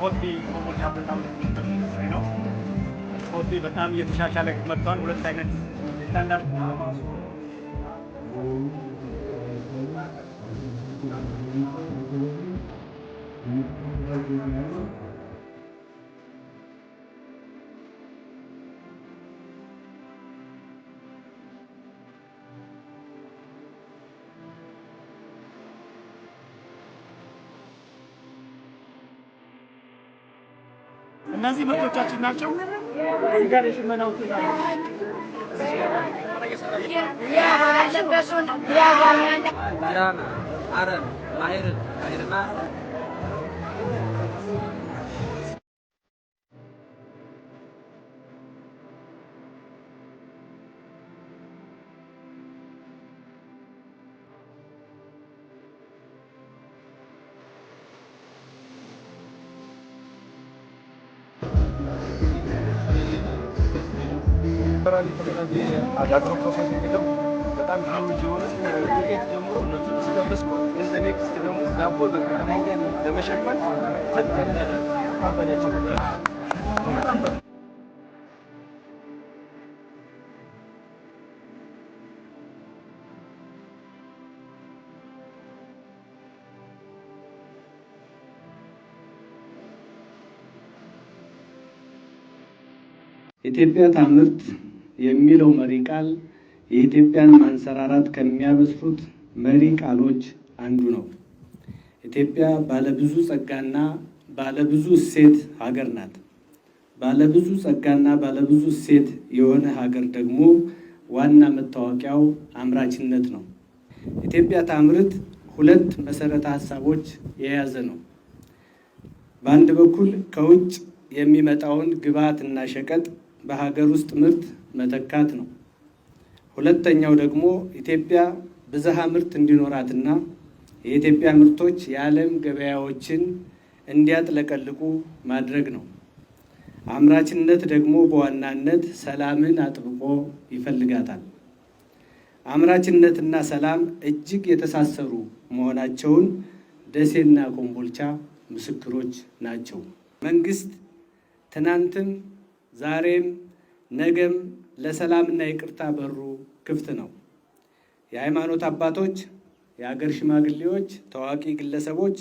ኮቲ በጣም ነው። በጣም እየተሻሻለ መጥቷል። ሁለት አይነት ስታንዳርድ እነዚህ መቶቻችን ናቸው። እንጋር የሽመናው ያለበሱን ማይርን ነበራል የተደረገ አዳግሮ ፕሮሰስ የሚለው በጣም ሂውጅ የሆነ ጌት ጀምሮ እስከመስኮ ኢዝ ኔክስት ደግሞ ዳቦ በቀደም ለመሸፈን ካምፓኒያቸው ኢትዮጵያ ታምርት የሚለው መሪ ቃል የኢትዮጵያን ማንሰራራት ከሚያበስሩት መሪ ቃሎች አንዱ ነው። ኢትዮጵያ ባለብዙ ጸጋና ባለብዙ እሴት ሀገር ናት። ባለብዙ ጸጋና ባለብዙ እሴት የሆነ ሀገር ደግሞ ዋና መታወቂያው አምራችነት ነው። ኢትዮጵያ ታምርት ሁለት መሰረተ ሀሳቦች የያዘ ነው። በአንድ በኩል ከውጭ የሚመጣውን ግብዓትና ሸቀጥ በሀገር ውስጥ ምርት መተካት ነው። ሁለተኛው ደግሞ ኢትዮጵያ ብዝሃ ምርት እንዲኖራትና የኢትዮጵያ ምርቶች የዓለም ገበያዎችን እንዲያጥለቀልቁ ማድረግ ነው። አምራችነት ደግሞ በዋናነት ሰላምን አጥብቆ ይፈልጋታል። አምራችነትና ሰላም እጅግ የተሳሰሩ መሆናቸውን ደሴና ኮምቦልቻ ምስክሮች ናቸው። መንግስት ትናንትም ዛሬም ነገም ለሰላምና ይቅርታ በሩ ክፍት ነው። የሃይማኖት አባቶች፣ የአገር ሽማግሌዎች፣ ታዋቂ ግለሰቦች፣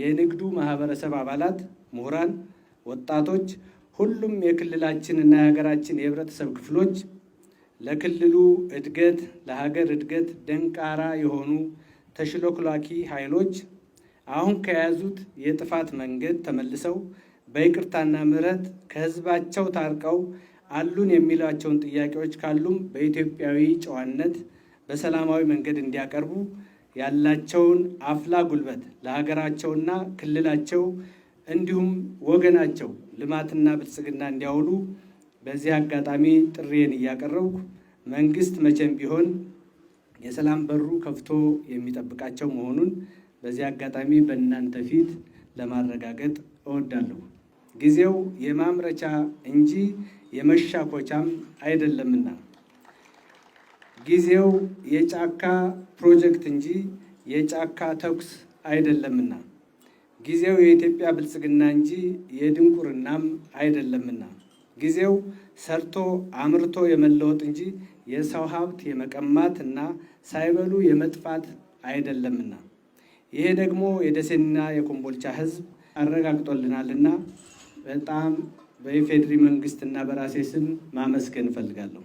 የንግዱ ማህበረሰብ አባላት፣ ምሁራን፣ ወጣቶች፣ ሁሉም የክልላችን እና የሀገራችን የህብረተሰብ ክፍሎች ለክልሉ እድገት ለሀገር እድገት ደንቃራ የሆኑ ተሽሎክላኪ ኃይሎች አሁን ከያዙት የጥፋት መንገድ ተመልሰው በይቅርታና ምሕረት ከህዝባቸው ታርቀው አሉን የሚሏቸውን ጥያቄዎች ካሉም በኢትዮጵያዊ ጨዋነት በሰላማዊ መንገድ እንዲያቀርቡ ያላቸውን አፍላ ጉልበት ለሀገራቸውና ክልላቸው እንዲሁም ወገናቸው ልማትና ብልጽግና እንዲያውሉ በዚህ አጋጣሚ ጥሪዬን እያቀረብኩ መንግስት መቼም ቢሆን የሰላም በሩ ከፍቶ የሚጠብቃቸው መሆኑን በዚህ አጋጣሚ በእናንተ ፊት ለማረጋገጥ እወዳለሁ። ጊዜው የማምረቻ እንጂ የመሻኮቻም አይደለምና ጊዜው የጫካ ፕሮጀክት እንጂ የጫካ ተኩስ አይደለምና ጊዜው የኢትዮጵያ ብልጽግና እንጂ የድንቁርናም አይደለምና ጊዜው ሰርቶ አምርቶ የመለወጥ እንጂ የሰው ሀብት የመቀማት እና ሳይበሉ የመጥፋት አይደለምና ይሄ ደግሞ የደሴና የኮምቦልቻ ሕዝብ አረጋግጦልናልና በጣም በኢፌድሪ መንግስትና በራሴ ስም ማመስገን እፈልጋለሁ።